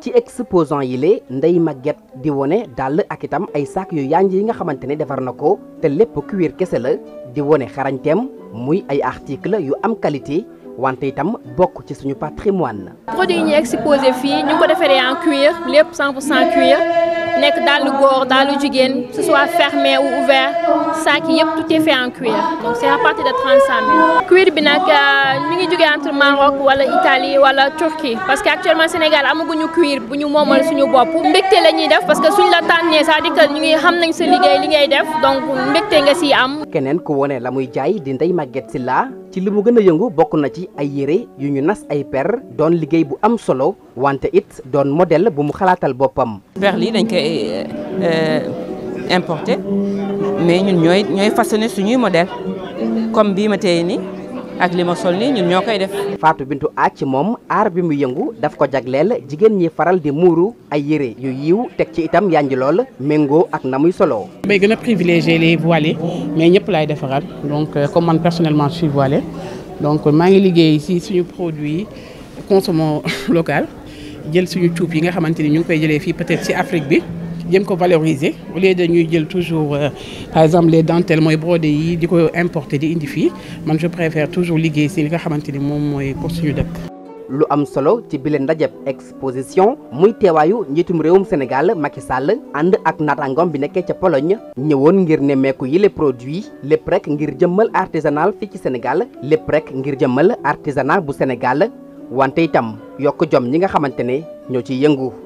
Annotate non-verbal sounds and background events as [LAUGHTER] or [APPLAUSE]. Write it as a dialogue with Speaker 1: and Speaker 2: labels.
Speaker 1: ci exposant yi lée Ndeye Maguette di wone dàll ak itam ay saak yu yanj yi nga xamante ne defar na ko te lépp cuir kese la di wone xarañteem muy ay article yu am qualité wante itam bokk ci suñu patrimoine
Speaker 2: produit yi ñuy exposé fii ñu ngi defaree en cuir lépp 100 nekk dàllu góor dàllu jigéen que ce soit fermé ou ouvert sac yi yëpp tout cuir donc c' est de trente cuir bi nag euh, mi ngi jógee entre Maroc wala Italie wala Turquie parce que actuellement Sénégal amaguñu cuir bu ñu moomal suñu bopp mbégte la ñuy def parce que suñ la tànnee sa à ñu ngi xam nañ sa liggéey li ngay def donc mbégte nga siy am.
Speaker 1: keneen ku wone la muy jaay di Ndeye Maguette Sylla ci li mu gën a yëngu bokk na ci ay yére yu ñu nas ay per doon liggéey bu am solo wante it doon modèle bu mu xalaatal boppam. koy euh, euh, importé mais ñun ñooy ñooy façonné suñuy modèle comme bii ma tey nii ak li ma sol nii ñun ñoo koy def. Fatou Bintou Athie moom aar bi mu yëngu daf ko jagleel jigéen ñi faral di muuru ay yëre yu yiw teg ci itam yanji lool méngoo ak na muy solo.
Speaker 3: may gën a privilégié les voilées mais ñëpp laay defaral donc euh, comme man personnellement je suis donc maa ngi liggéey ci suñu produit consommons [LAUGHS] local. jël suñu cuub yi nga xamante ni ñu ngi koy jëlee fii peut-être ci Afrique bi jëm ko valoriser au lieu ñuy jël toujours euh, par exemple les dentelles mooy brodé yi di ko importer di indi fii man je préfère toujours liggéey
Speaker 1: si li nga xamante ni moom
Speaker 3: mooy pour suñu dëkk.
Speaker 1: lu am solo ci bile ndajeb exposition muy teewaayu njiitum réewum Sénégal Macky Sall ànd ak naataangoom bi nekkee ca Pologne ñëwoon ngir nemmeeku yile produit lépp rek ngir jëmmal artisanal fii ci Sénégal lépp rek ngir jëmmal artisanat bu Sénégal wante itam yokk jom ñi nga xamante ni ñoo ciy yëngu